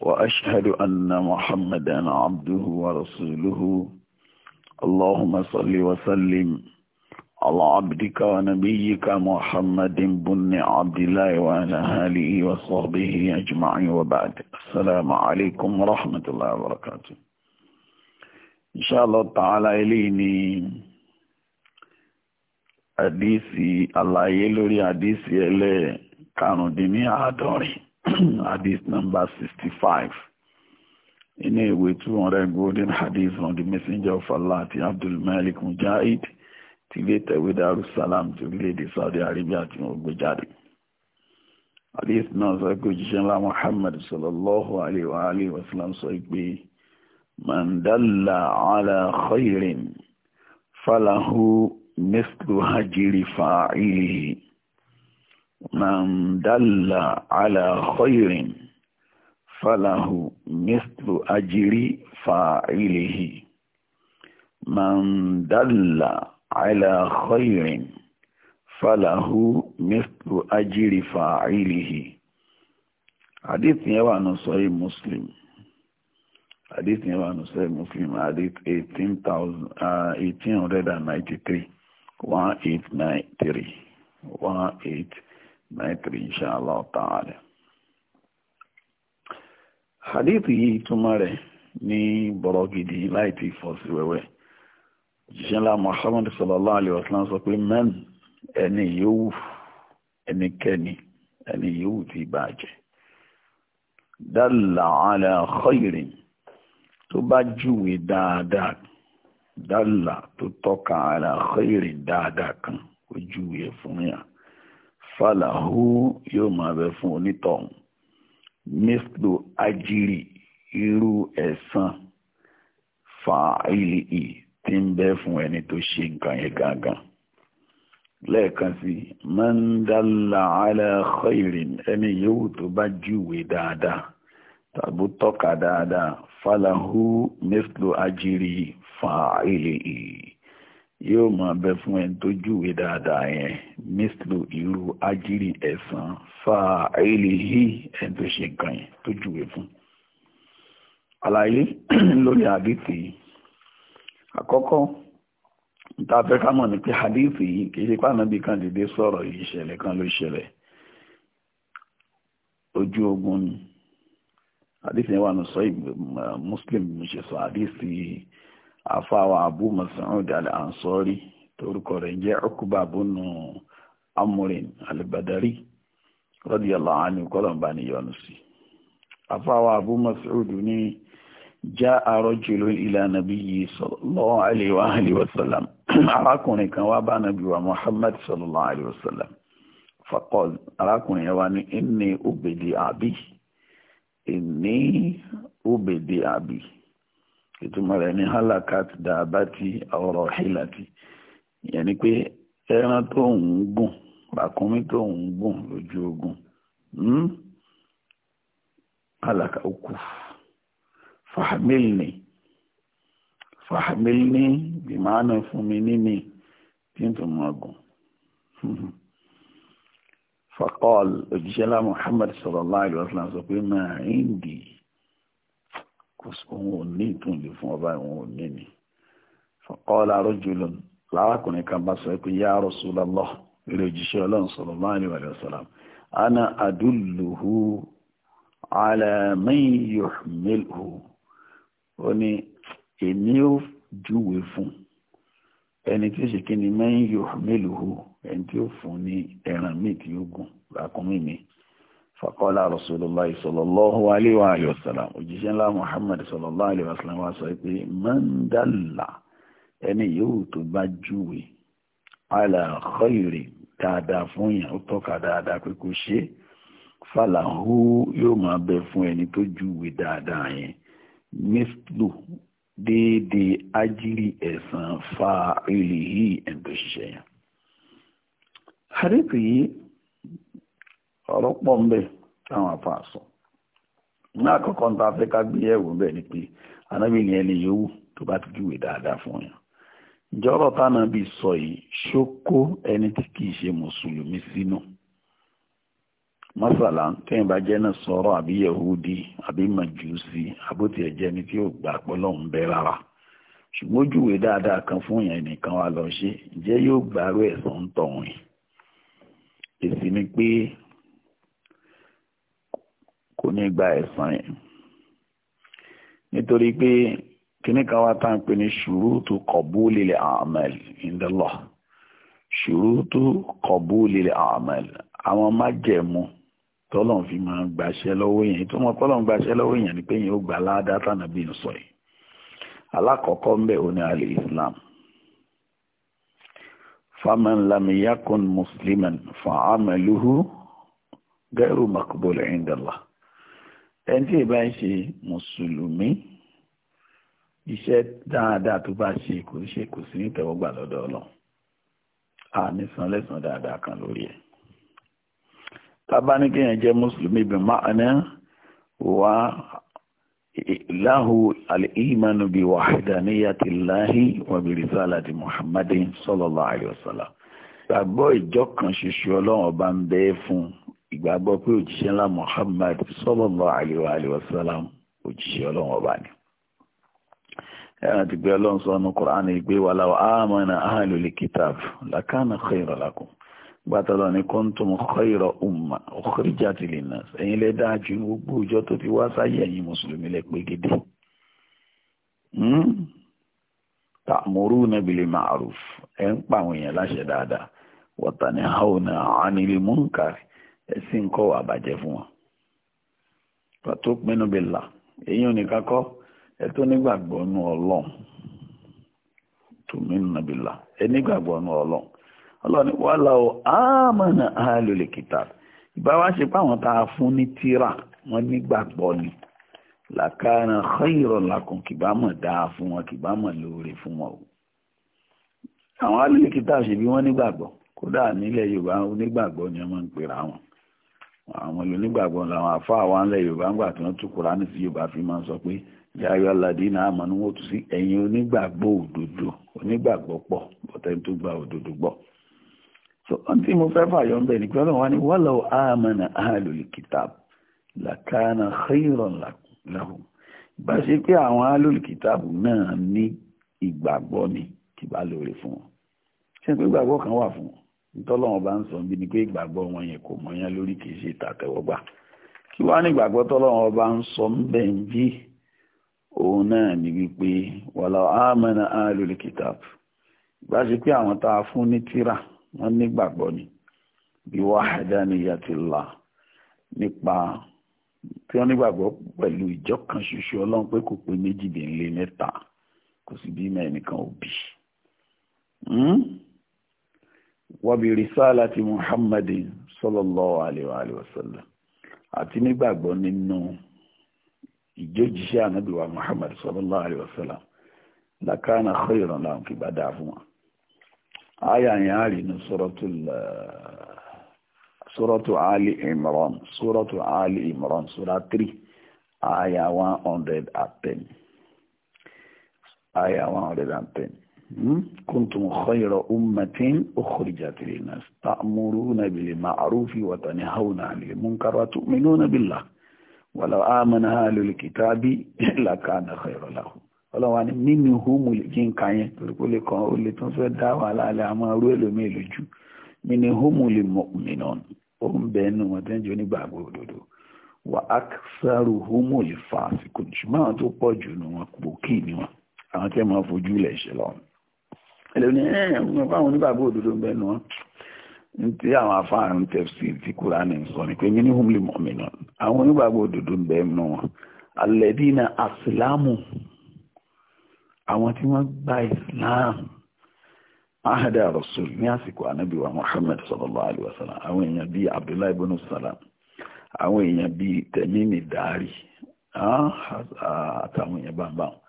وأشهد أن محمدا عبده ورسوله اللهم صل وسلم على عبدك ونبيك محمد بن عبد الله وعلى آله وصحبه أجمعين وبعد السلام عليكم ورحمة الله وبركاته إن شاء الله تعالى إليني حديثي الله يلوري حديثي إلي كانوا دنيا دوري hadith number 65 inú ìwé 200 golden hadith from the messenger of allah ti abdul malik mujahid ti ilé tẹ̀wé darussalam ti orílẹ̀-èdè saudi arabia tí wọ́n gbé jáde hadith náà sọ pé òjíṣẹ́ ńlá muhammad sallallahu alayhi wa alayhi wa sallam sọ man dalla ala khairin falahu mislu hajiri fa'ilihi man dalla ala khairin falahu mislu ajiri fa'ilihi man dalla ala khairin falahu mislu ajiri fa'ilihi hadith yẹn wà nù sọ́yí muslim hadith yẹn wà nù sọ́yí muslim hadith 18,000 uh, 1893 1893 1893 náìtìrì inshallah ta'ala hadithi yìí túmọ̀ rẹ̀ ní bọ̀rọ̀ gidi láì ti fọ́ sí wẹ́wẹ́ òjíṣẹ́ ńlá Muhammad sallallahu alayhi wa sallam sọ pé man ẹni yòówù ẹnikẹ́ni ẹni yòówù ti bàjẹ́ dalla ala khairin tó bá júwe dáadáa dalla tó tọ́ka ala khairin dáadáa kan ó júwe fún yàn fàlàhù yóò máa bẹ fún onítọ̀hún mislu ajiri irú ẹ̀san fàáìlì ì tí ń bẹ fún ẹni tó ṣe nǹkan yẹn gangan lẹ́ẹ̀kan sí mandala ala khairin ẹni yòówù tó bá júwe dáadáa tàbí tọ́ka dáadáa fàlàhù mislu ajiri fàáìlì ì yóò máa bẹ fún ẹni tó júwe dáadáa yẹn mislu irú ajiri ẹ̀sán fáà eléyìí ẹni tó ṣe nǹkan yẹn tó júwe fún. àlàyé lórí àdìsí àkọ́kọ́ níta fẹ́ ká mọ̀ ní pé àdìsí yìí kì í ṣe pàánà bí kan dìde sọ̀rọ̀ yìí ìṣẹ̀lẹ̀ kan ló ṣẹlẹ̀ ojú ogun ni àdìsí yẹn wà ní sọ Muslim ṣe sọ àdìsí yìí àfàwà abu mas'ud al-ansori torúkọ rẹ̀ jẹ́ ukuba bunu amurin al-badari radiyallahu anhu kọlọmba ni yọ́nú sí àfàwà abu mas'ud ní jaa rajulun ila nabiyyi sallallahu alayhi wa alihi wa sallam arákùnrin kan wá bá nàbí wa muhammad sallallahu alayhi wa sallam faqal arákùnrin yẹn wá ní inni ubedi abi inni ubedi abi ìtumọ̀ rẹ̀ ní halakat dàbátì ọ̀rọ̀ hílàtì ìyẹn ni pé ẹran tó ń gùn ràkúnmí tó ń gùn lójú ogun hmm, halaka okú fàhámìlì fàhámìlì bìmánà fún mi níní tí n tó mọ̀ gùn fàkọ́ọ̀lù òjíṣẹ́lá Muhammad sallallahu alaihi wasallam sọ pé máa ń dìí òun ò ní ìtúnlé fún ọba òun ò ní ni faqala rajulun lárakùnrin kan bá sọ pé ya Rasulullah eré òjíṣẹ́ ọlọ́run sallallahu alaihi wa sallam ana adulluhu ala man yuhmilhu ó ní èmi ó júwe fún ẹni tí ó ṣe kí ni man ẹni tí ó fún ní ẹran míì tí ó gùn ràkúnmí mi fàkọ́lá rasulullah sallallahu alaihi wa alihi wasallam òjíṣẹ́ ńlá muhammad sallallahu alaihi wasallam wa sọ pé mọ́ndàlá ẹni yóò tó bá júwe ala khayri dáadáa fún yàn ó tọ́ka dáadáa pé kò ṣe fàlàhú yóò máa bẹ fún ẹni tó júwe dáadáa yẹn mislu déédéé ajírí ẹ̀sán fa ilé yìí ẹ̀ńtọ́ ṣiṣẹ́ yẹn. hadith yìí ọ̀rọ̀ pọ̀ ń bẹ táwọn afa sọ ní àkọ́kọ́ ń ta fẹ́ ká gbé ẹ̀wò ń bẹ̀ ni pé anábì ni ẹni yòówù tó bá ti júwèé dáadáa fún yàn ìjọ́rọ̀ táwọn bí sọ yìí ṣókó ẹni tí kì í ṣe mùsùlùmí sínú masala tẹ́yìn bá jẹ́ náà sọ̀rọ̀ àbí yahudi àbí màjúsí àbótí ẹ̀jẹ̀ ni tí ó gbà pọ́lọ́ ń bẹ rárá ṣùgbọ́n ojúwe dáadáa kan fún yẹn nìkan wa lọ ṣe ǹjẹ́ yóò gbàrú ẹ̀sán tọ̀hún yìí èsì ni pé kò ní gba ẹ̀san yẹn nítorí pé kíní kan wá tá à ń pè ní ṣùrùtù qabulil a'mal indallah ṣùrùtù qabulil a'mal àwọn májẹ̀mú tọ́lọ́n fi máa gbàṣẹ́ lọ́wọ́ yẹn tó mọ̀ tọ́lọ́n gbàṣẹ́ lọ́wọ́ yẹn ni pé yẹn ó gbà ládàá tànàbí ń sọ yìí alákọ̀ọ́kọ́ ń bẹ̀ òní alẹ́ islam faman lamiyakun fa'amaluhu gairu makbul indallah ẹni tí ìbá ń ṣe mùsùlùmí iṣẹ́ dáadáa tó bá ṣe kò ṣe kò sí nítẹ̀wọ́gbà lọ́dọ̀ ọlọ́run a ní san lẹ́san dáadáa kan lórí ẹ̀ tábá ní kéèyàn jẹ́ mùsùlùmí bí máàná wà láhu alìmánu bí wàhídàníyàtì láhí wà bí rìsálàtì muhammadin sallallahu alaihi gbàgbọ́ ìjọ kan ṣoṣo ọlọ́run ọba ń bẹ fún un ìgbàgbọ́ pé òjíṣẹ́ ńlá Muhammad sallallahu alaihi wa sallam òjíṣẹ́ ọlọ́run ọba ni ẹran ti gbé ọlọ́run sọ́nù Qur'an ìgbé wa law amana ahlul kitab lakana khayran lakum gbàtọ́lọ́ ní kuntum khayra umma ukhrijat linnas ẹ̀yin lè dáa gbogbo ìjọ tó ti wá sáyé ẹ̀yin mùsùlùmí lẹ pé gidi hmm? ta'muruna bil ma'ruf ẹ̀ ń pa èèyàn láṣẹ dáadáa wa tanhauna 'anil munkar ẹ̀sìn kọ́ wà bàjẹ́ fún wọn pàtó pinnu bí là èyí ò ní kakọ́ ẹ tó nígbàgbọ́ nu ọlọ́run tùmí nàbí là ẹ nígbàgbọ́ nu ọlọ́run ọlọ́run ní wàhálà o àmọ́nà àlòlè kìtà ìbá wa ṣe páwọn tá a fún ní tíra wọn nígbàgbọ́ ni làkàrà khayran lakum kìbá mọ̀ dáa fún wọn kìbá mọ̀ lóore fún wọn o àwọn àlòlè kìtà ṣe bí wọ́n nígbàgbọ́ kódà nílẹ̀ yorùbá onígbàgbọ́ ni wọ́n máa ń pera wọn àwọn onígbàgbọ́ làwọn àfáà wa ńlẹ̀ yorùbá ńgbà tí wọ́n tú kúránì sí yorùbá fi máa ń sọ pé yàrá aládé náà àmọ́ ni wọ́n tún sí ẹ̀yin onígbàgbọ́ òdodo onígbàgbọ́ pọ̀ bọ́tẹ́ tó gba òdodo gbọ́. so ohun tí mo fẹ́ fàyọ ń bẹ̀ ni pé ọlọ́run wa ni walaw amana ahlul kitab lakana khayran lahum bá ṣe pé àwọn ahlul kitab náà ní ìgbàgbọ́ ni kì bá lóore fún wọn ṣé pé ìgbàgbọ́ kan wà fún wọn tọ́lọ́wọ́n bá ń sọ bí ni pé ìgbàgbọ́ wọn yẹn kò mọ́yán lórí kì í ṣe ìtàtẹ́wọ́gbà kí wàá ní ìgbàgbọ́ tọ́lọ́wọ́n bá ń sọ ń bẹ̀ ń bí òun náà ni wípé wàlá àmọ́nà àlùlù kìtàb bá ṣe pé àwọn tá a fún ní tírà wọ́n nígbàgbọ́ ni bí wahadaniyatillah nípa tí wọ́n nígbàgbọ́ pẹ̀lú ìjọ kan ṣoṣo ọlọ́run pé kò pé méjìdínlé mẹ́ta kò sì bí mẹ́ẹ̀nìkan òbí. Hmm? وبرسالة محمد صلى الله عليه وآله وسلم àti nígbàgbọ́ nínú ìjójíṣẹ́ ànábì wa Muhammad sallallahu alaihi wasallam lakana khayran lahum kì bá dáa fún wa àyà yẹn á rí ní sọ́rọ́tù Ali Imran sọ́rọ́tù Ali Imran sọ́rọ́ 3 àyà 110 àyà 110 Hmm? kuntum khayra ummatin ukhrijat linnas ta'muruna bil ma'rufi wa tanhauna 'anil munkari wa tu'minuna billah wa law amana ahlul kitabi lakana khayran lahum ọlọ́wà ní nínú humul jíǹkà yẹn torípò lè kàn ó lè tún fẹ́ dá wàhálà alẹ́ àmọ́ arú ẹlòmíì lójú nínú humul mu'minun ó ń bẹ ẹnu wọn tẹ́ ń jẹ́ onígbàgbọ́ òdodo wà aksaru fasiqun ṣùgbọ́n àwọn tó pọ̀ jù nù wọn ni wọn àwọn tẹ́ máa fojú lẹ̀ ṣe lọ́wọ́ ẹlẹ́ni ẹ̀ẹ́n eh, fáwọn oníbàbọ̀ òdodo ń bẹ́ẹ̀ nù ọ́ ní ti àwọn afáàrùn ń tẹ̀sí tí kúránì ń sọ ni pé mímú hùmlì mọ̀mí náà àwọn oníbàbọ̀ òdodo ń bẹ́ẹ̀ nù wọn alẹ́dínà àsìlámù àwọn tí wọ́n gba islam ahada rasul ní àsìkò anabi wa muhammad sallallahu alayhi wa sallam àwọn èèyàn bíi abdullahi ibn salam àwọn èèyàn bíi tẹ̀mímì dárí ah, àtàwọn èèyàn báńbáwọn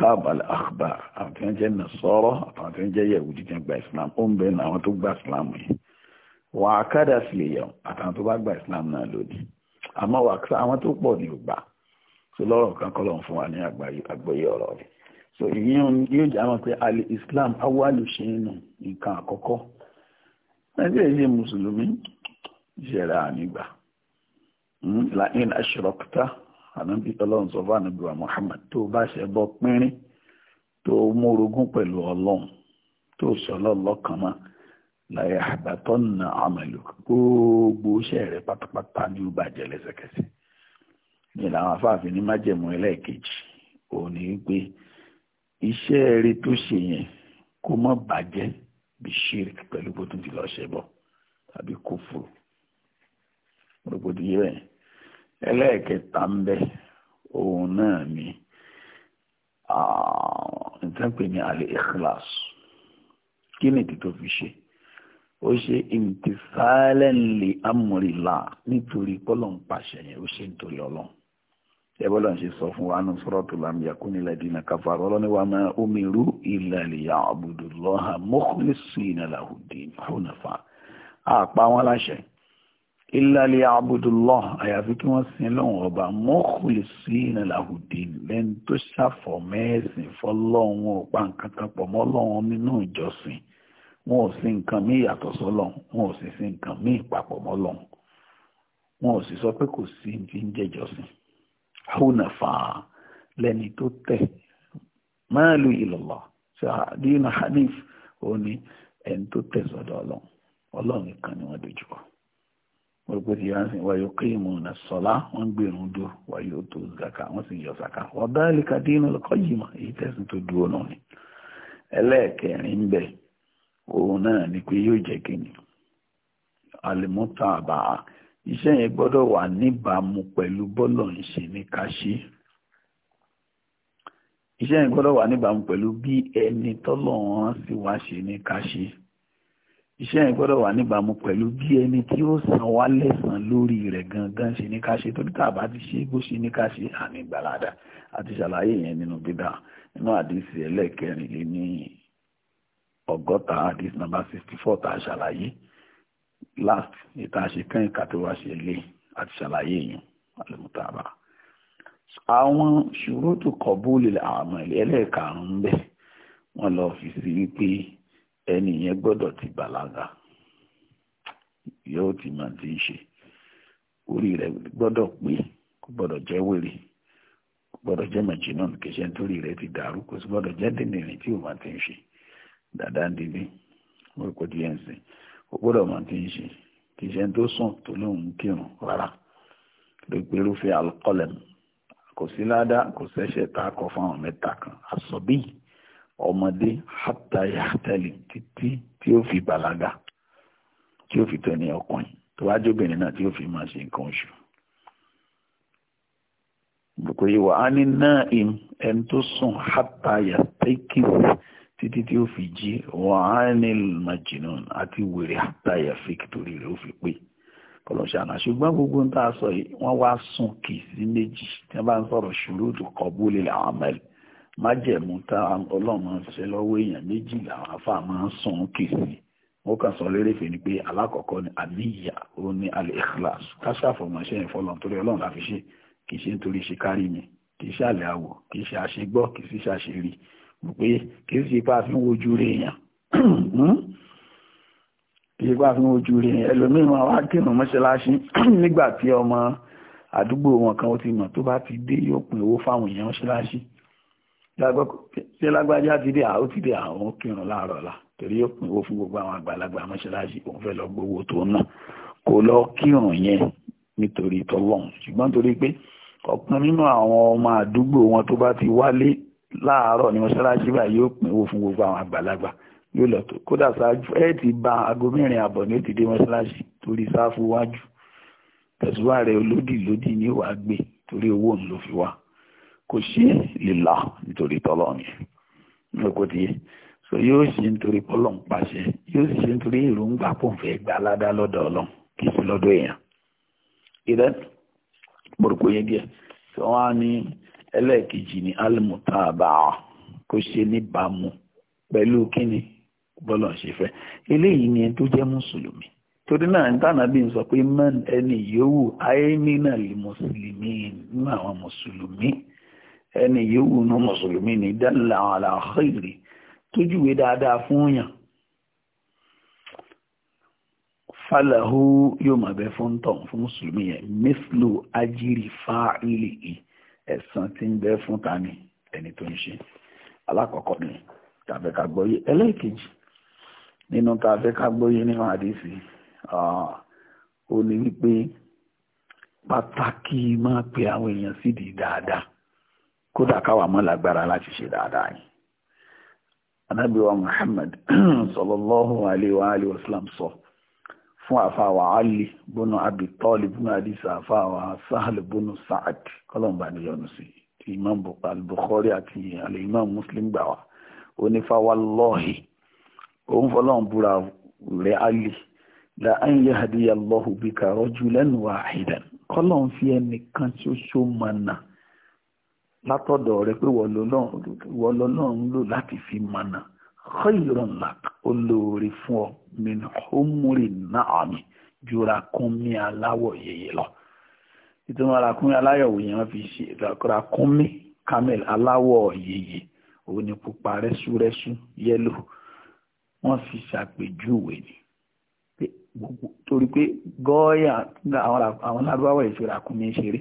káàbàlì àkùbà àwọn tí wọ́n jẹ́ nasọ́rọ́ àtàwọn tí wọ́n jẹ́ yẹ̀wùdí tí wọ́n gba islam ó ń bẹ ní àwọn tó gba islam yìí wà á kádà sí èèyàn àtàwọn tó bá gba islam náà lónìí àmọ́ wà á àwọn tó pọ̀ ní ògbà tó lọ́rọ̀ kan kọ́ lọ́n fún wa ní àgbọ́yé ọ̀rọ̀ rẹ̀ so ìyẹn yóò jẹ́ àwọn pé alẹ́ islam awálù ṣe ń nù nǹkan àkọ́kọ́ ẹgbẹ́ ìṣe mùsùlùmí ìṣẹ̀rẹ̀ ànígbà hmm? láìn aṣọ́rọ̀kútà ànábì ọlọ́run sọ fún ànábì wa Muhammad tó bá ṣe bọ́ pínrín tó mórogún pẹ̀lú ọlọ́run tó sọlọ́ lọ́kàn mọ́ láyé àbátọ́ nà àmàlù gbogbo iṣẹ́ rẹ̀ pátápátá ní ó bàjẹ́ lẹ́sẹ̀kẹsẹ̀ ní làwọn afáàfin ní májẹ̀mú ẹlẹ́ẹ̀kejì òun pé iṣẹ́ rẹ̀ tó ṣe yẹn kó má bàjẹ́ bí ṣírk pẹ̀lú bó tún ti lọ́ọ́ ṣe bọ̀ tàbí kófò rògbòdìyẹ bẹ́ẹ̀ ẹlẹ́ẹ̀kẹta ń bẹ òun náà ni nǹkan pè ní al-ikhlas kí ni títọ́ fi ṣe ó ṣe imtithalan li amrillah nítorí pọ́lọ̀ ń pàṣẹ yẹn ó ṣe nítorí ọlọ́run ẹbọ́lá ṣe sọ fún wa ní suratul anbiya kunilladina kafaru ọlọ́ni wa ma umiru illa liya'budullaha mukhlisina lahu ddin hunafa àpá wọn láṣẹ ìlàlẹ̀ abudulọ àyàfi kí wọ́n sin lọ́wọ́ ọba mọ́kùlì sí ìnàláhùdín lẹ́ni tó ṣàfọ̀ mẹ́ẹ̀sìn pa nǹkan kan pọ̀ mọ́ nínú ìjọsìn wọn ò nǹkan wọn ò sì sin nǹkan míì papọ̀ mọ́ lọ́wọ́n wọn ò sì sọ pé kò sí ti ń tó ẹni tó gbogbo ti yára sìn wáyé kí sọ̀lá wọ́n ń gbèrú dó wáyé ó tó zaka wọ́n sì yọ zaka dínú yìí mọ̀ èyí tó dúró náà ni ẹlẹ́ẹ̀kẹrin ń bẹ̀ òun náà ni pé yóò jẹ́ àbá iṣẹ́ yẹn gbọ́dọ̀ wà níbàámu pẹ̀lú bọ́lọ̀ ń ṣe ní iṣẹ́ yẹn gbọ́dọ̀ iṣẹ́ yẹn gbọ́dọ̀ wà níbàámu pẹ̀lú bí ẹni tí ó san wá lẹ́san lórí rẹ̀ gangan ṣe ní ká ṣe torí tá a bá ti ṣe bó ṣe ní ká ṣe àmì ìgbàládà àti ṣàlàyé yẹn nínú bíbá nínú àdìsí ẹlẹ́ẹ̀kẹrin lé ní ọgọ́ta àdìsí nàmbà sixty four tá a ṣàlàyé last ìta ṣe kẹ́yìn ká tó wá ṣe lé àti ṣàlàyé yẹn àlùmọ́tàbà. àwọn ṣòro tó kọ bóòlì àwọn ẹlẹ́ẹ̀karùn-ún bẹ́ẹ̀ wọ́n lọ fi sí wípé ẹni yẹn gbọ́dọ̀ ti bàlágà yóò ti máa ti ń ṣe orí rẹ̀ gbọ́dọ̀ pé kò gbọ́dọ̀ jẹ́ wèrè kò gbọ́dọ̀ jẹ́ màjínàn kì í ṣe nítorí rẹ̀ ti dàrú kò sì gbọ́dọ̀ jẹ́ dènìrín tí ò máa ti ń ṣe dáadáa dídí wọ́n kò di ẹ̀sìn kò gbọ́dọ̀ máa ti ṣe kì tó sùn tó lóun kírun rárá ló pé irúfẹ́ alukọ́lẹ̀m kò sí ládàá kò sẹ́ṣẹ̀ tá a kọ fún àwọn mẹ́ta kan àsọ̀bíyì ọmọdé hatta yahtali títí tí ó fi bàlágà tí ó fi tó ní ọkùnrin tó wá jóbìnrin náà tí ó fi máa ṣe nǹkan oṣù kò yí wà á ní náà im ẹni tó sùn hatta yastakis títí tí ó fi jí wà á ní majnun àti wèrè hatta yafik torí rẹ̀ ó fi pé kọlọ̀ṣàna ṣùgbọ́n gbogbo ń sọ yìí wọ́n wá sùn kì í sí méjì tí wọ́n bá ń sọ̀rọ̀ ṣùrùtù qabulil amal májẹ̀mú tá ọlọ́run máa ń ṣe lọ́wọ́ èèyàn méjì làwọn afá máa ń sùn kì sí mo kàn sọ lérèfé ni pé alákọ̀ọ́kọ́ ni àníyà ó ní al-ikhlas káṣáfọ̀mọṣẹ́ ìfọlọ́n torí ọlọ́run láfi ṣe kì í ṣe nítorí ṣe kárí mi kì í ṣe àlẹ́ àwọ̀ kì í ṣe àṣegbọ́ kì í ṣe àṣeré mo pé kì í ṣe pé a fi èèyàn kì í ṣe pé a fi èèyàn ẹlòmíràn wá kírun mọ́ṣáláṣí nígbà tí ọmọ àdúgbò wọn kan ó ti mọ̀ tó bá ti dé yóò pin owó fáwọn èèyàn mọ́ṣáláṣí ṣé lágbájá ti dé àwọn ti dé àwọn kírun láàárọ̀ la torí ó pín owó fún gbogbo àwọn àgbàlagbà mọ́ṣáláṣí òun fẹ́ lọ gbowó tó ń nà kó lọ kírun yẹn nítorí tọlọ́hún ṣùgbọ́n torí pé ọ̀kan nínú àwọn ọmọ àdúgbò wọn tó bá ti wálé láàárọ̀ ni mọ́ṣáláṣí báyìí yóò pín owó fún gbogbo àwọn àgbàlagbà yóò lọ tó kódà ṣáájú ẹ ti ba aago mẹ́rin àbọ̀ ni ó ti dé mọ́ṣáláṣí torí sáfù wájú tẹ̀síwá rẹ̀ olódì lódì ni ó wàá gbé torí kò ṣe lílà nítorí tọ́lọ́ ni lóko ti so yóò ṣe nítorí pọ́lọ́ ń pàṣẹ yóò sì ṣe nítorí èròǹgbà pò ń fẹ́ gba aládá lọ́dọ̀ ọlọ́run kì í sí lọ́dọ̀ èèyàn ìrẹ́ gbòròkó yẹn díẹ̀ tí wọ́n á ní ẹlẹ́ẹ̀kejì ní alimutaba kò ṣe níbàámu pẹ̀lú kíni bọ́lọ̀ ṣe fẹ́ eléyìí ni ẹni tó jẹ́ mùsùlùmí torí náà nítànà bí n sọ pé mẹ́rin ẹni yòówù ayémínà lè mùsùlùmí nínú àwọn mùsùlùmí ẹni yòówù nù mùsùlùmí ní dalla ala khairi tójúwe dáadáa fún yàn falahu yóò máa bẹ fún tọ̀hún fún mùsùlùmí yẹn mislu ajiri fa'ili ẹ̀san tí ń bẹ fún tani ẹni tó ń ṣe alákọ̀ọ́kọ́ ni tàbí ká gbọ́yé ẹlẹ́ẹ̀kejì nínú tàbí ká gbọ́yé nínú àdìsí ó ní wípé pàtàkì máa pe àwọn èèyàn sídìí dáadáa kódà káwa mọ́ lágbára láti ṣe dáadáa yìí anábì wa muhammad sallallahu alayhi wa alayhi wa sallam sọ fún àfàwà ali bónú abi talib bónú àdìsá àfàwà sahal bónú sa'ad kọlọmbà ni yọnu sí ti imam al-bukhari àti al-imam muslim gbà wá onífàwàlọ́hì òun fọlọ́n búra rẹ̀ alì la an yahdiya Allahu bika rajulan wahidan kọ́lọ́n fi ẹnìkan ṣoṣo mọ̀nà látọ̀dọ̀ rẹ pé wọ́n lọ náà ń lò láti fi mọ̀nà khayran lak olóore fún ọ min humri na'ami jura kúnmí aláwọ̀ yẹyẹ lọ ìtumọ̀ ara kúnmí aláyọ̀wò yẹn wọ́n fi ṣe ìdàkọ́ra kúnmí camel aláwọ̀ yẹyẹ òun ni pupa rẹ́súrẹ́sú yẹ́lò wọ́n fi ṣàpèjúwe ni torí pé gọ́ọ̀yà àwọn lábáwọ̀ ìṣòro àkúnmí ṣeré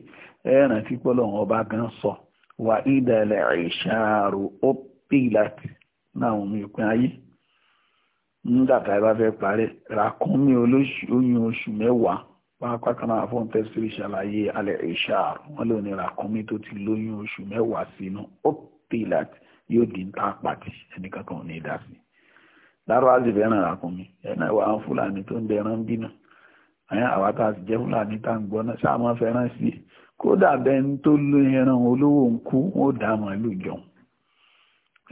ẹ̀ràn tí pọ́lọ́ ọba gan sọ. So wà ìdẹ̀lẹ̀ ìṣàrò ó pìlàt náà omi òpin ayé nígbàtà ẹ bá fẹ́ parẹ́ ràkúnmí olóyún oṣù mẹ́wàá pápá kan náà fún tẹ́sírì ṣàlàyé alẹ́ ìṣàrò wọn lò ní ràkúnmí tó ti lóyún oṣù mẹ́wàá sínú ó pìlàt yóò di ń tán pàtì ẹnìkan kan ò ní dá sí dáró àzìbẹ́ ẹ̀ràn ràkúnmí ẹ̀nà ìwà fúlàní tó ń dẹran bínú àwọn àwa tá jẹ́ fúlàní tá à ń gbọ́ náà sáà máa fẹ́ràn sí i kódà bẹni tó ló ẹran olówó ń kú ó dá màálù jọun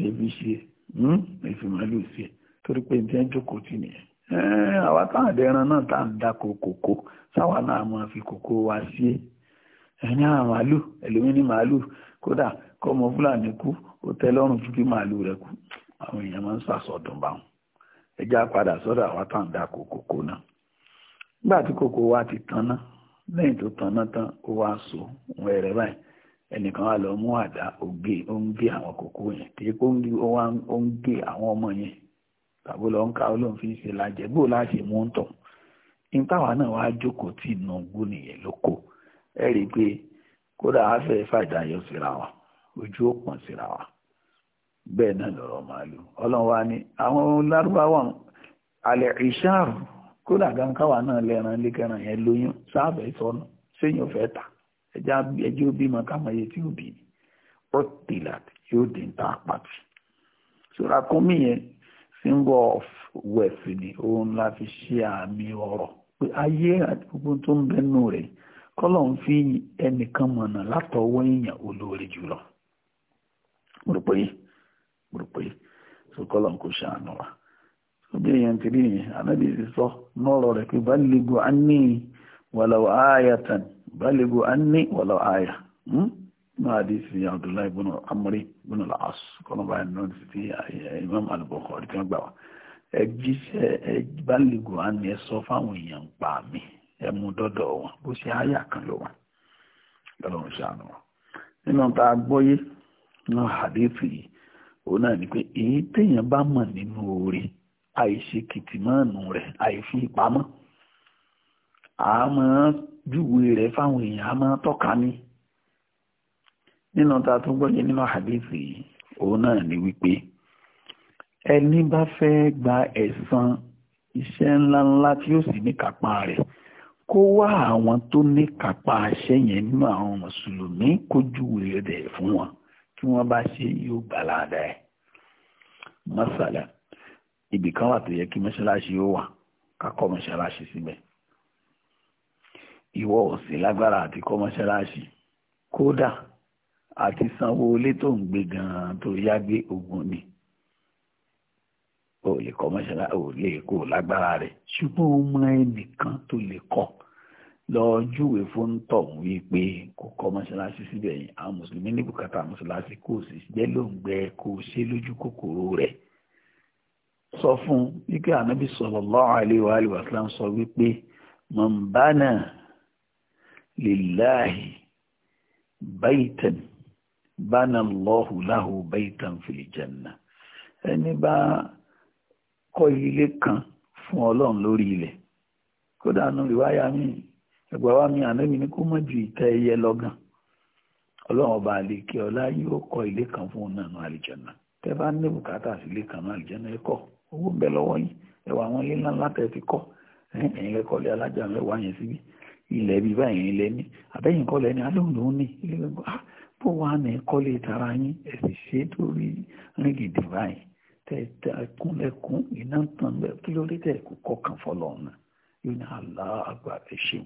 ebi ṣe èsì hmm? màálù ṣe torí pé ní ẹjọ́ kò tí nìyẹn àwa táwọn ẹran náà tá à ń dáko kòkó sáwa náà máa fi kòkó wa sí ẹni àwọn màálù ẹlòmí ní màálù kódà kọ́mọ fúlàní kú ó tẹ́ lọ́rùn ju kí màálù rẹ̀ kú àwọn èèyàn máa ń sàsọdùn báwọn ẹja padà sọ́dọ̀ àwa tá ń dáko kòkó náà nígbà tí kòkó wa ti tán náà lẹ́yìn tó tanná tán ó so òun ẹ̀rẹ̀ báyìí ẹnìkan wá lọ mú àdá oge ó ń gé àwọn yẹn kì í kó ń gé àwọn ọmọ yẹn tàbí lọ ń ká olóhùn fi ń ṣe lájẹ bó mú ń ní táwa náà wá jókòó tí nìyẹn ló kó ẹ rí ni àwọn alẹ́ kódà gan káwa náà lẹ́ran lékẹ́ran yẹn lóyún sáàbẹ̀ sọnù sẹ́yìn ọ̀fẹ́ tí ó bì ní yóò dín tá a pàtì. sọ́ra kúnmí yẹn symbol of wealth ni òun la fi ṣe àmì ọ̀rọ̀ pé ayé àti gbogbo tó ń bẹ́nu rẹ̀ kọ́lọ̀ ń fi ẹnìkan mọ̀nà látọwọ́ èèyàn olóore jùlọ. mo rò pé mo rò pé ń kó ṣàánú wa. bí èèyàn ti rí yẹn anábì ti sọ nọ́ọ̀rọ̀ rẹ̀ pé ballighu anni walau ayatan ballighu anni walau aya máa di sí abdullahi ibn amri ibn laas. as kọ́nọ́bà ẹ̀nà ti imam al-bukhari tí wọ́n gbà wá ẹ jíṣẹ́ ẹ ballighu anni ẹ sọ fáwọn èèyàn ń pa mí ẹ mú dọ́dọ̀ wọn bó ṣe aya kan ló wà lọ́lọ́run ṣàánú wọn nínú tá a gbọ́yé náà hadithi yìí òun náà ni pé èyí téèyàn bá mọ̀ nínú oore àìṣe kìtìmọ́ọ̀nù rẹ̀ àìfi ìpamọ́ àmọ́ júwe rẹ̀ fáwọn èèyàn àmọ́ tọ́ka ní nínú ta tó gbọ́jẹ nínú àdéhùn yìí òun náà ni wípé ẹni bá fẹ́ gba ẹ̀san iṣẹ́ ńláńlá tí ó sì níkápá rẹ̀ kó wá àwọn tó níkápá aṣẹ́ yẹn nínú àwọn mùsùlùmí kó rẹ̀ fún wọn tí wọ́n bá ṣe yóò gbà ládàá ibì kan wà tó yẹ kí mọ́ṣáláṣí ó wà ká kọ́ mọ́ṣáláṣí síbẹ̀ ìwọ ò sí lágbára àti kọ́ mọ́ṣáláṣí kódà àti sanwó ilé tó ń gbé gan-an tó yá gbé ogun ni o lè kọ́ mọ́ṣáláṣí o lè kó lágbára rẹ̀ ṣùgbọ́n o mọ ẹnìkan tó lè kọ́ lọ júwe fún tọ̀hún wípé kò kọ́ mọ́ṣáláṣí síbẹ̀ yìí àwọn mùsùlùmí ní bùkátà mọ́ṣáláṣí kò sì jẹ́ lóǹgbẹ́ kò ṣe lójú kòkòrò rẹ̀ sọ fún wípé ànábì sallallahu alaihi wa alihi wasallam sọ wípé man bana lillahi baitan bana Allahu lahu baitan fil janna ẹni bá kọ́ ilé kan fún ọlọ́run lórí ilẹ̀ kódà nù ìwáyà mi ẹgbẹ́ wa mi ànábì ní kó mọ̀ ju ìtẹ́ ẹyẹ lọ́gàn ọlọ́run ọba àlekè ọlá yóò kọ́ ilé kan fún un náà nù bá ní bùkátà sí ilé kan nù àlìjànnà ẹ̀kọ́ owó ń bẹ lọ́wọ́ yín ẹwà àwọn ilé ńlá ńlá tẹ̀ ti kọ́ ẹ̀yin lẹ́kọ̀ọ́ lé alájà lẹ́wọ̀ àyẹn síbi ilẹ̀ bíi báyìí ilẹ̀ ní àbẹ́yìn kọ́lẹ̀ ní alóhùn ní ilé gbogbo ah bó wà ní kọ́lé tara yín ẹ̀sìn ṣe tó rí rígìdì báyìí tẹ̀tẹ̀ kúnlẹ̀kún iná ń tàn bẹ́ẹ̀ kí ló dé tẹ̀ kó kọkàn fọlọ́ọ̀nà yóò ní àlá àgbà ẹ̀ ṣeun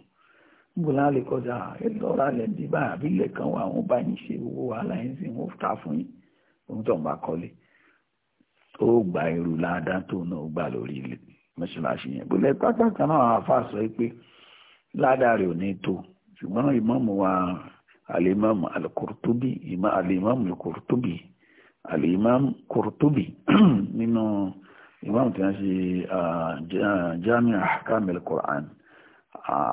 níbo la lè kọjá ẹ lọ́ra lẹ̀ bíbá àbílẹ̀ kan wà wọ́n bá yín ṣe owó wàhálà yín sí wọ́n ta fún yín òun tó ń bá kọ́lé ó gba irú ládàá tóun náà gbà lórí mọ́ṣáláṣí yẹn bólẹ̀ pátákà náà àfa sọ pé ládàá rẹ̀ ò ní tó ṣùgbọ́n ìmáàmù wa alimam al-Qurtubi ima alimam al-Qurtubi alimam Qurtubi nínú imam tí wọ́n ṣe jami ahkam al-Qur'an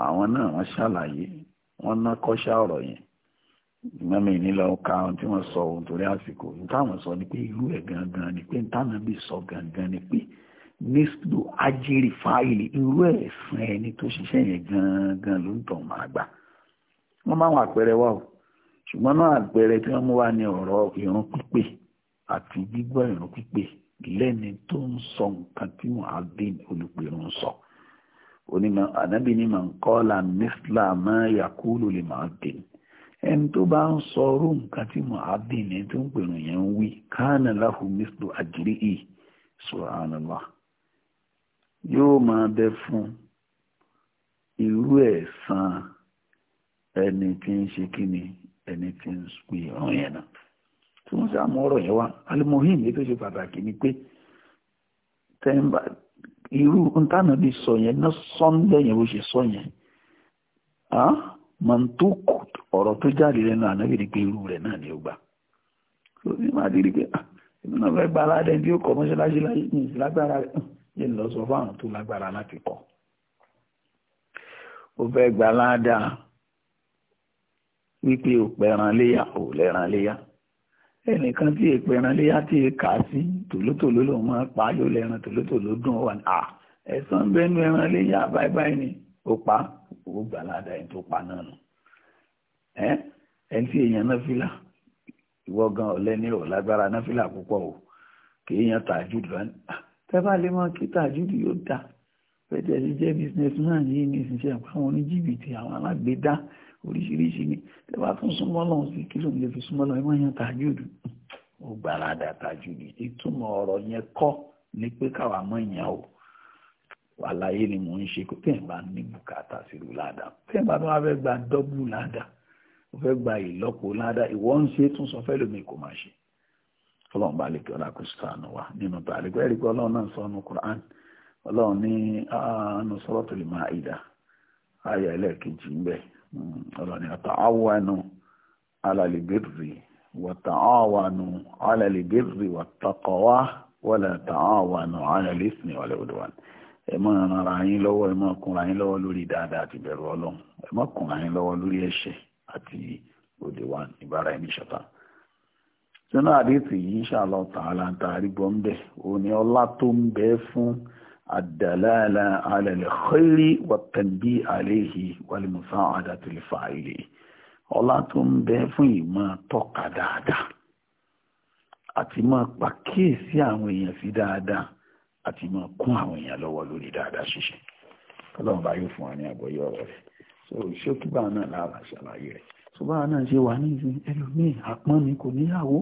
àwọn náà wọ́n ṣàlàyé wọ́n ná kọ́ṣá ọ̀rọ̀ yẹn ìmọ̀mí nílò ka ohun tí wọ́n sọ ohun torí àsìkò nítawọn sọ ni pé irú ẹ̀ gangan ni pé nítawọn bí sọ gangan ni pé nísìlò ajẹ́rì fáìlì irú ẹ̀sìn ẹni tó ṣiṣẹ́ yẹn gangan ló ń tàn máa gbà wọ́n máa wọn àpẹẹrẹ wà o ṣùgbọ́n náà àpẹẹrẹ tí wọ́n mú wá ní ọ̀rọ̀ ìrun pípé àti gbígbọ́ ìrun pípé lẹ́ni tó ń sọ nǹkan tí muhammed olùpẹ̀rún sọ onímọ̀ ànábì mọ̀ ń kọ́ la mísílà máa yàkúlò lè máa dènì ẹni tó bá ń sọ orú nǹkan tí mo abin ẹni tó ń pèrò yẹn ń wí káànà láhù àjírí ì yóò máa bẹ fún irú san ẹni tí ń ṣe kíni ẹni tí ń pè alimohim tó ṣe pàtàkì ni pé irú ntánà bí sọ yẹn sọ́ńdẹ̀ yẹn ah, mọ̀ntòkù ọ̀rọ̀ tó jáde lẹ́nu ànábì ni pé irú rẹ̀ náà ni ó gbà tó ní máa di rí pé ah, èmi náà fẹ́ gba aládé tí ó kọ́ mọ́ṣáláṣí lágbára yẹn lọ sọ fáwọn tó lágbára láti kọ́ ó fẹ́ gba ládàá wípé òpẹran léyà ò lẹ́ran léyà ẹnìkan tí èpẹran léyà tí è kà sí tòlótòló lòun máa pa yóò lẹ́ran tòlótòló dùn ó wà ní à ah, ẹ̀sán bẹ́nu ẹran léyà báibáì ni ó pa ó gbà ládà ẹni tó pa náà nù ẹni tí èèyàn náà fìlà ìwọ gan ọ̀lẹ́ ní ò lágbára náà fìlà púpọ̀ o kì í yan tààjú lọ ní ah, tẹ́fà lè mọ kí tààjú yóò dá pẹ̀tẹ́ ti jẹ́ businessman yìí ní ìsinsẹ́ àwọn oníjìbìtì àwọn alágbèédá oríṣiríṣi ni tẹ́fà tún súnmọ́ lọ́hùn sí kí ló ń lè fi súnmọ́ lọ́hùn ẹ̀ máa yan tààjú dù ó gbà ládà tààjú dù ìtumọ̀ ọ̀rọ̀ yẹn kọ́ ni pé káwa mọ̀ yàn o. àlàyé ni mò ń ṣe kó tẹ̀ ń bá ní bùkátà sírú ládàá tẹ̀ ń bá tó wá fẹ́ gba dọ́bù ládàá ó fẹ́ gba ìlọ́po ládàá ìwọ ń ṣe tún sọ fẹ́ lómi kò máa ṣe bá lè kí ọlá kó nínú náà Qur'an ní àánú ẹlẹ́ẹ̀kejì ń bẹ̀ ọlọ́run ní ala ẹ máa ran ara yín lọ́wọ́ ẹ máa kunra yín lọ́wọ́ lórí dáadáa àti ìbẹ̀rù ọlọ́run ẹ máa kunra yín lọ́wọ́ lórí ẹ̀ṣẹ̀ àti òde wa ìbára ẹni ṣọ̀tá. sínú àdéhùn yìí inshallah ta'ala ń ta àrígbọ́ ń bẹ̀ ò ní ọlá tó ń bẹ fún àdàlálà ala al-khairi wat-tanbih alayhi wal ọlá tó ń bẹ fún ìmọ̀ tọ́ka dáadáa àti máa pàkíyèsí àwọn èèyàn sí dáadáa àti máa kún àwọn èèyàn lọ́wọ́ lórí dáadáa ṣíṣe ọlọ́run bá yóò fún wa ní àgbọ́yé ọ̀rọ̀ rẹ̀ so ṣókíbà náà láàbà ṣàlàyé rẹ̀ so báwa náà ṣe wà ní ìsìn ẹlòmíì àpọ́n ni kò níyàwó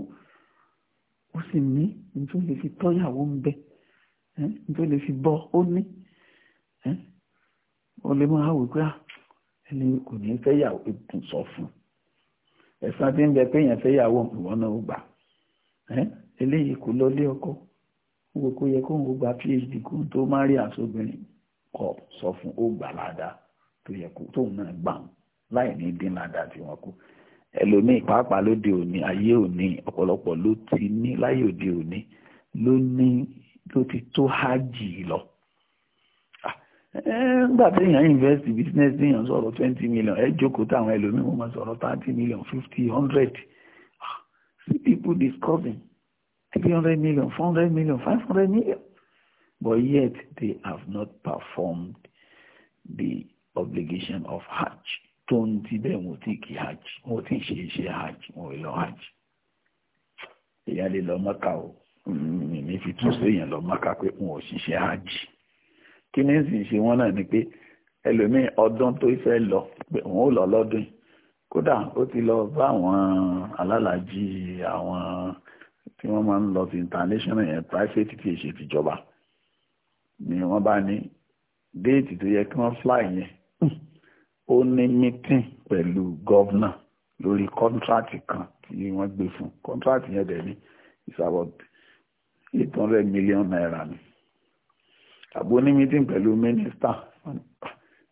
ó sì ní nítorí lè fi tọ́yàwó ń bẹ nítorí lè fi bọ́ ó ní ó lè máa wò pé ah, ẹni kò ní fẹ́yàwó ètò sọ fún ẹ̀sán tí ń bẹ pé èèyàn fẹ́yàwó ìwọ náà ó gbà eléyìí kò lọ lé ọkọ wò kó yẹ kóun ó gba phd kóun tó má rí àsobìnrin kọ sọ fún ó gbà ládàá tó yẹ kó tóun náà gbà wọn láì ní dín ládàá tí wọn kú ẹlòmíì pàápàá lóde òní ayé òní ọ̀pọ̀lọpọ̀ ló ti ní láyé òde òní ló ní ló ti tó hajj lọ nígbà tí èèyàn invest business ní èèyàn sọ̀rọ̀ twenty million ẹ jókòó táwọn ẹlòmíì wọ́n máa sọ̀rọ̀ thirty million fifty hundred see people discussing 300 million, 400 million, 500 million. But yet they have not performed the obligation of Hajj. Tó ń ti bẹ́ẹ̀ wọ́n ti kì Hajj, wọ́n ti ṣe iṣẹ́ Hajj, wọ́n lọ Hajj. Èyàn lè lọ Mọ́kà o, mi fi tún sí èèyàn lọ Mọ́kà pé wọ́n ò ṣiṣẹ́ Hajj. Kí ni sì ṣe wọ́n náà ni pé ẹlòmíì ọdún tó fẹ́ lọ pé òun ò lọ lọ́dún. Kódà ó ti lọ bá àwọn alálàájì àwọn tí wọ́n máa ń lọ ti international yẹn private tí kìí ṣe tìjọba ni wọ́n bá ní déètì tó yẹ kí wọ́n fly yẹn ó ní meeting pẹ̀lú gọ́vnà lórí kọ́ńtrátì kan tí wọ́n gbé fún kọ́ńtrátì yẹn dẹ̀ ní it's about eight hundred million naira ni àbò ní meeting pẹ̀lú mínísítà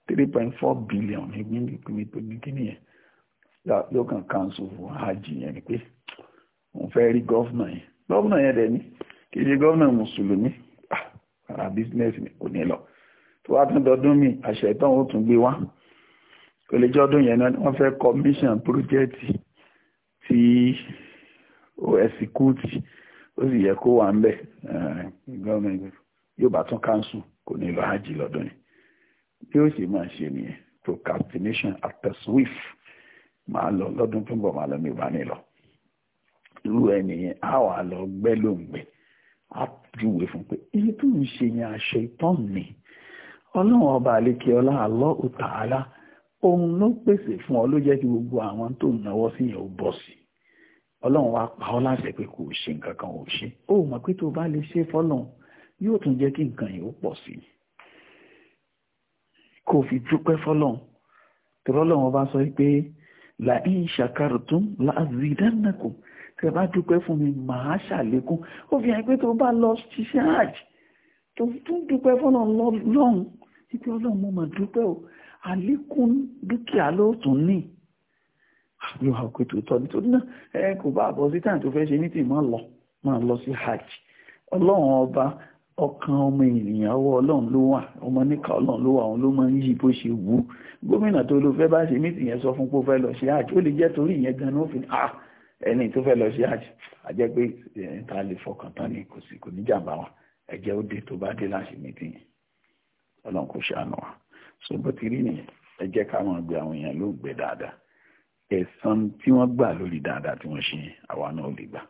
three point four billion ní kíni yẹn yóò kàn cancel fún hajj yẹn ni pé òun fẹ́ rí gọ́vnà yẹn gọ́vnà yẹn dẹ̀ ni kì í ṣe gọ́vnà mùsùlùmí ah, ara bísínẹ́sì ni kò ní lọ tó wá tún dọdún mi àṣẹ ìtàn ó tún gbé wá kò lè jọ́dún yẹn náà wọ́n fẹ́ commission project tí ó ẹ̀sìkúùtì ó sì yẹ kó wà ń bẹ̀ eh, gọ́ọ̀mẹ̀ntì yóò bá tún káńsù kò ní lọ hajj lọ́dún yìí bí ó sì máa ṣe nìyẹn procrastination after swift máa lọ lọ́dún tó ń bọ̀ máa lọ mi ò bá ní lọ irú ẹni yẹn á wà lọ gbẹ́ ló ń gbẹ á júwe fún pé èyí tó ń ṣe yẹn àṣẹ ìtàn ni ọlọ́run ọba àlekè ọlá Allahu Ta'ala òun ló pèsè fún ọ ló jẹ́ kí gbogbo àwọn tó náwó sí yẹn ò bọ̀ sí ọlọ́run wa pa ọ́ láṣẹ pé kò ṣe nǹkan kan ò ṣe ó mọ̀ pé tó bá lè ṣe fọ́lọ́run yóò tún jẹ́ kí nǹkan yìí ó pọ̀ sí i kò fi dúpẹ́ fọ́lọ́run tọ́lọ́run ọba sọ pé la in shakartum la tẹ bá dúpẹ́ fún mi màá ṣàlékún ó fi hàn pé tó bá lọ ṣiṣẹ́ hajj tó tún dúpẹ́ fọ́nà lọ́hùn ipe ọlọ́run mo mà dúpẹ́ o àlékún dúkìá ló tún ní àbúrò àpè tó tọ́ nítorí náà ẹ kò bá àbọ̀ sí táyà tó fẹ́ ṣe ní tì máa lọ máa lọ sí hajj ọlọ́run ọba ọkàn ọmọ ènìyàn ọwọ́ ọlọ́run ló wà ọmọ níkà ọlọ́run ló wà òun ló máa ń yí bó ṣe wù gómìnà tó ló fẹ́ bá ṣe mítì yẹn sọ fún pé ó fẹ́ lọ ṣe hajj lè jẹ́ torí ìyẹn ganan ó fi ah ẹni tó fẹ́ lọ ṣe àjì àjẹ́ pé ta lè fọkàn tán ni kò sí kò ní jàǹbá wa ẹ̀jẹ̀ ó dé tó bá dé láti mìtì ọlọ́run kò ṣàánú wa so bó ti rí nìyẹn ẹ jẹ́ ká máa gbé àwọn èèyàn ló gbé dáadáa ẹ̀san tí wọ́n gbà lórí dáadáa tí wọ́n ṣe àwa náà lè gbà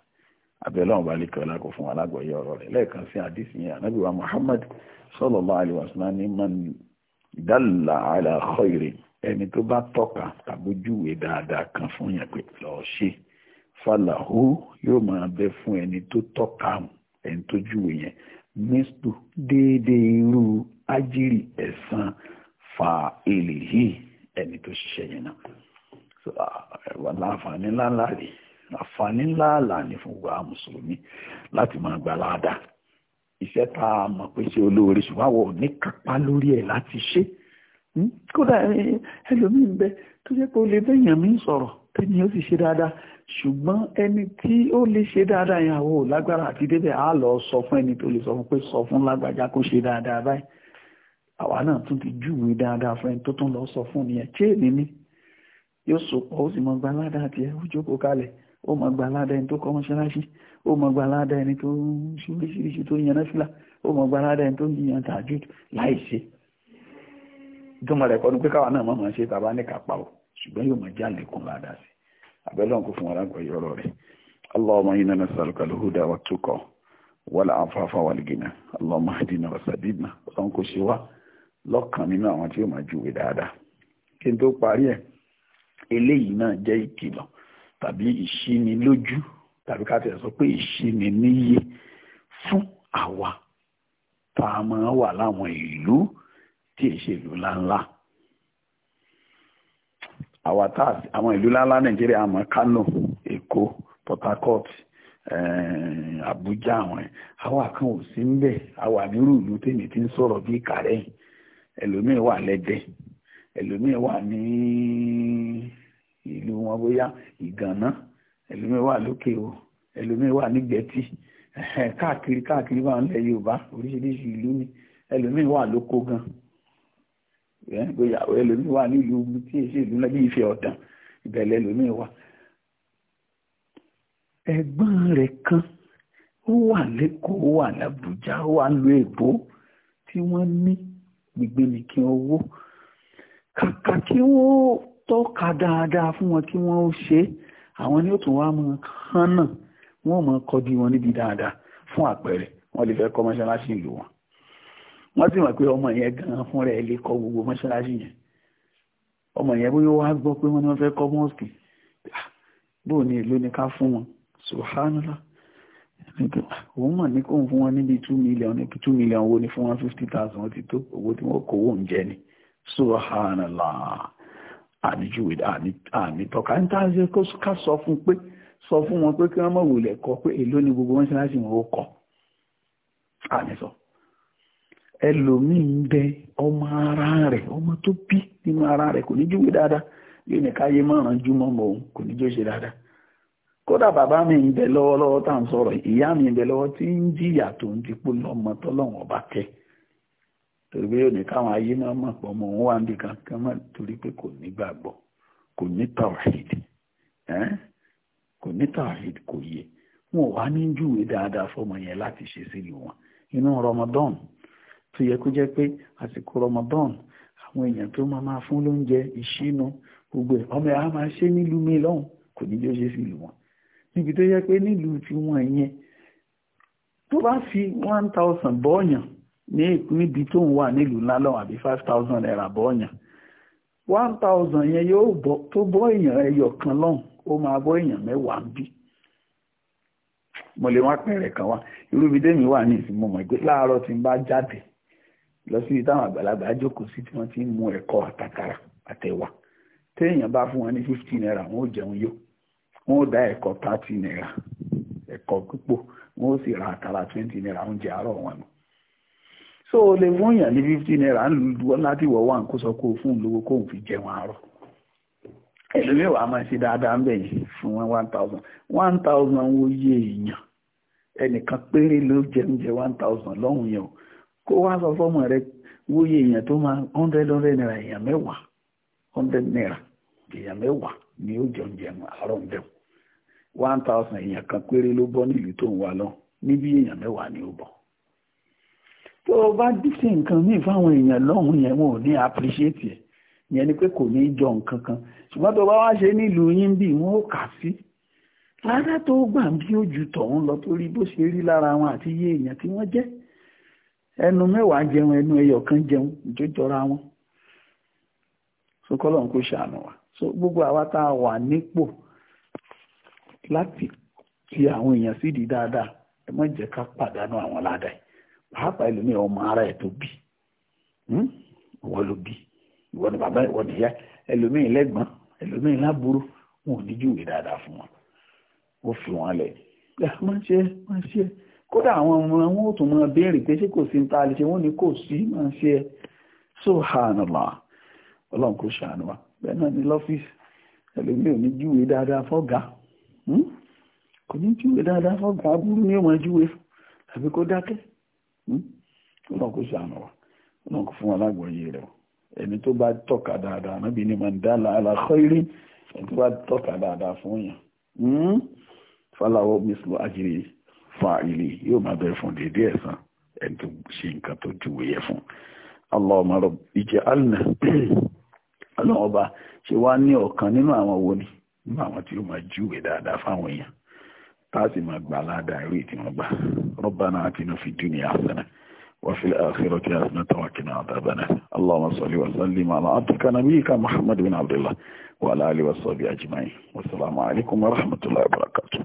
abẹ́lẹ́ ọ̀bá lè kọ́lá kó fún alágbọ̀yé ọ̀rọ̀ rẹ̀ lẹ́ẹ̀kan sí àdìsí yẹn ànábì wa Muhammad sallallahu wasallam ní ala khairin ẹni tó bá tọ́ka tàbójúwe dáadáa kan fún falahu yóò máa bẹ fún ẹni tó tọ́ka ẹni tó júwe yẹn mistu déédéé irú ájírì ẹ̀san fa èlè yìí ẹni tó ṣiṣẹ́ yẹn náà láǹfààní ńláńlá rè àǹfààní ńláńlá ni fún wa mùsùlùmí láti máa gba láàdá iṣẹ́ tá a mọ̀ pé ṣe olóore ṣùgbọ́n àwọn ò ní kápá lórí ẹ̀ láti ṣe é Hmm? kódà ẹlòmíì ń bẹ tó jẹ́ pé ó lè bẹ́yàn mí sọ̀rọ̀ tẹ́ni ó sì ṣe dáadáa ṣùgbọ́n ẹni tí ó lè ṣe dáadáa yẹn àwọn ò lágbára àti débẹ̀ á lọ sọ fún ẹni tó lè sọ fún pé sọ fún lágbájá kó ṣe dáadáa báyìí àwa náà tún ti júwe dáadáa fún ẹni tó tún lọ sọ fún nìyẹn chéènì ni yóò sopọ̀ ó sì mọ gba aládá àti ẹ̀ ó jókòó kalẹ̀ ó mọ gba aládá ẹni tó kọ́ mọ́ṣáláṣí ó mọ gba aládá ẹni tó ń ṣe oríṣiríṣi tó yan náfìlà ó mọ gba aládá ẹni tó yan tàjú láìsí ìtumọ̀ rẹ̀ kọ́nu pé káwa náà mọ̀ ṣe tàbá ní kápá o ṣùgbọ́n yóò mọ̀ já lẹ́kùn ládàá sí abẹ́lọ́n kò fún wọn lágbàá yọrọ rẹ̀ allahumma inna nas'aluka al-huda wa tuqa wal afafa wal ghina allahumma hdina wa sadidna ọlọ́run kò ṣe wá lọ́kàn nínú àwọn tí yóò máa júwe dáadáa kí n tó parí ẹ̀ eléyìí náà jẹ́ ìkìlọ̀ tàbí ìṣínilójú tàbí ká tẹ̀ tí ì ṣe ìlú ńláńlá àwọn ìlú ńláńlá nàìjíríà àmọ́ kánò èkó port harcourt àbújá eh, àwọn ẹ̀ àwa kan ò sí ń bẹ̀ àwa nírú ìlú tèmi ti ń sọ̀rọ̀ bí kàrẹ́ ẹlòmíì wà lẹ́dẹ̀ ẹlòmíì wà ní ìlú wọn bóyá ìgànná ẹlòmíì wà lókè o ẹlòmíì wà nígbẹ̀tì káàkiri káàkiri wà ń yorùbá oríṣiríṣi ìlú ni ẹlòmíì wà lóko gan ìyẹn pé ìyàwó ẹlòmíì wà nílùú tí èsì ìlú náà bí ìfẹ́ ọ̀dàn ìbẹ̀lẹ̀ ẹlòmíì wà. ẹ̀gbọ́n rẹ̀ kan ó wà lẹ́kọ̀ọ́ ó wà lábújá ó wà lu èbó tí wọ́n ní gbígbénìkì owó kàkà kí wọ́n tọ́ka dáadáa fún wọn kí wọ́n ó ṣe àwọn ní òtún wá mọ hánà wọ́n mọ kọjú wọn níbi dáadáa fún àpẹẹrẹ wọ́n lè fẹ́ kọ́ ìlú wọn wọ́n sì mọ̀ pé ọmọ yẹn gan fún rẹ̀ lè kọ́ gbogbo mọ́ṣáláṣí yẹn ọmọ yẹn bóyá wá gbọ́ pé wọ́n ní wọ́n fẹ́ kọ́ mọ́ọ̀sì bó ni èlò ni ká fún wọn subhanallah òun mọ̀ ní kóun fún wọn níbi two million níbi two million owó ni fún wọn fifty thousand ti tó owó tí wọ́n kó owó jẹ ni subhanallah àníjúwe àní tọ́ka ń tàṣe ká sọ fún pé sọ fún wọn pé kí wọ́n mọ̀ wòlẹ̀ kọ́ pé èlò ni gbogbo mọ́ṣáláṣí wọn ó kọ́ àní ẹlòmíì ń bẹ ọmọ ara rẹ ọmọ tó bí nínú ara rẹ kò ní júwe dáadáa yóò ní káyé márùn júmọ́ mọ òun kò ní jó dáadáa kódà bàbá mi ń bẹ lọ́wọ́lọ́wọ́ tá à ń ìyá mi ń bẹ tí ń jìyà tó ń ọba torí pé káwọn ayé máa òun wà kò ní kò ní kò ní kò yẹ wọn ò wá ní fọmọ yẹn láti ṣe wọn inú Ramadan tó yẹ kó jẹ́ pé àsìkò Ramadan àwọn èèyàn tó máa máa fún lóúnjẹ ìṣínú gbogbo ẹ̀ ọmọ ẹ̀ á máa ṣe nílùú mi lọ́hùn kò ní bí ó ṣe sí ìlú wọn níbi tó yẹ pé nílùú tí yẹn tó bá fi one thousand bọ́ọ̀yàn ní níbi tó ń wà nílùú ńlá lọ́hùn àbí five thousand naira bọ́ọ̀yàn one thousand yẹn yóò bọ́ tó bọ́ èèyàn ẹyọ kan lọ́hùn ó máa bọ́ èèyàn mẹ́wàá ń bí mo lè wá pẹ̀rẹ̀ kan wá irú ibi tẹ́mi wà ní ìsinmi mọ̀ pé láàárọ̀ tí n bá jáde lọ sí ibi táwọn àgbàlagbà jókòó sí tí wọ́n ti ń mu ẹ̀kọ́ àtàkàrà àtẹ̀wà téèyàn bá fún wọn ní fifty naira wọn ò jẹun yó wọn ò dá ẹ̀kọ́ thirty naira ẹ̀kọ́ púpọ̀ wọn ò sì ra àkàrà twenty naira oúnjẹ àárọ̀ wọn so o lè fún yàn ní fifty naira ń lu láti wọ̀ wá nǹkó sọ kó o fún un lówó kó o fi jẹun àárọ̀ ẹlòmíràn máa ṣe dáadáa ń bẹ̀ yìí fún wọn one thousand one thousand wo yé èèyàn ẹnìkan péré ló jẹ oúnjẹ one thousand lọ́hùn yẹn o kó wá sọ fọ́mọ rẹ wóye èèyàn tó máa hundred hundred naira èèyàn mẹ́wàá hundred naira èèyàn mẹ́wàá ni ó jọ ń jẹun àárọ̀ ń bẹ̀rù one thousand èèyàn kan péré ló bọ́ nílùú tó ń wá lọ níbi èèyàn mẹ́wàá ni ó bọ̀ tó o bá dísè nǹkan míì fáwọn èèyàn lọ́hùn yẹn wọn ò ní appreciate ẹ̀ yẹn ni pé kò ní jọ nǹkan kan ṣùgbọ́n tó bá wá ṣe nílùú yín bí wọ́n ó kà sí rárá tó gbà bí ó ju tọ̀hún lọ torí bó ṣe rí lára wọn àti iye èèyàn tí wọ́n jẹ́ ẹnu mẹ́wàá jẹun ẹnu ẹyọ kan jẹun wọn so kọ́lọ́n ṣàánú wa so gbogbo àwa tá a wà nípò láti fi àwọn èèyàn sídìí dáadáa ẹ má jẹ́ ká pàdánù àwọn ládàá pàápàá ẹlòmíì ọmọ ara ẹ̀ tó bí hmm? ìwọ ló bí ìwọ ni bàbá ìwọ nìyá ẹlòmíì lẹ́gbọ̀n ẹlòmíì lábúrò wọn ò ní júwèé dáadáa fún wọn fi wọn kódà àwọn ọmọ wọn ò tún mọ béèrè pé ṣé kò sí ń ta lè ṣe wọ́n ní kò sí máa ṣe ẹ́ subhanallah ọlọ́run kò ṣàánú wa bẹ́ẹ̀ ni ní lọ́fíìsì ẹlòmí ò ní júwe dáadáa fọ́gá hmm? kò ní júwe dáadáa fọ́gá burú ní ìwọ̀n júwe àbí kó dákẹ́ hmm? ọlọ́run kò ṣàánú wa ọlọ́run kò fún wa lágbọ̀ọ́yé rẹ̀ ẹni tó bá tọ́ka dáadáa nábì ní man dala ala khairin ẹni tó bá tọ́ka dáadáa fún yàn hmm? fọláwọ́ fa'ili yóò máa bẹ̀rẹ̀ fún dédé ẹ̀san ẹni tó ṣe nǹkan tó júwe yẹ fún Allahumma rabb ij'alna ọlọ́run ọba ṣe wá ní ọ̀kan nínú àwọn wo ni nínú àwọn tí ó máa júwe dáadáa fáwọn èèyàn tá a sì máa gbà ládàá eré tí wọ́n gbà Rabbana atina fid dunya hasana wa fil akhirati hasana wa qina adhaban Allahumma salli wa sallim ala abdika nabiyyika Muhammad bin Abdullah wa ala wa sahbihi ajma'in wa assalamu wa rahmatullahi wa barakatuh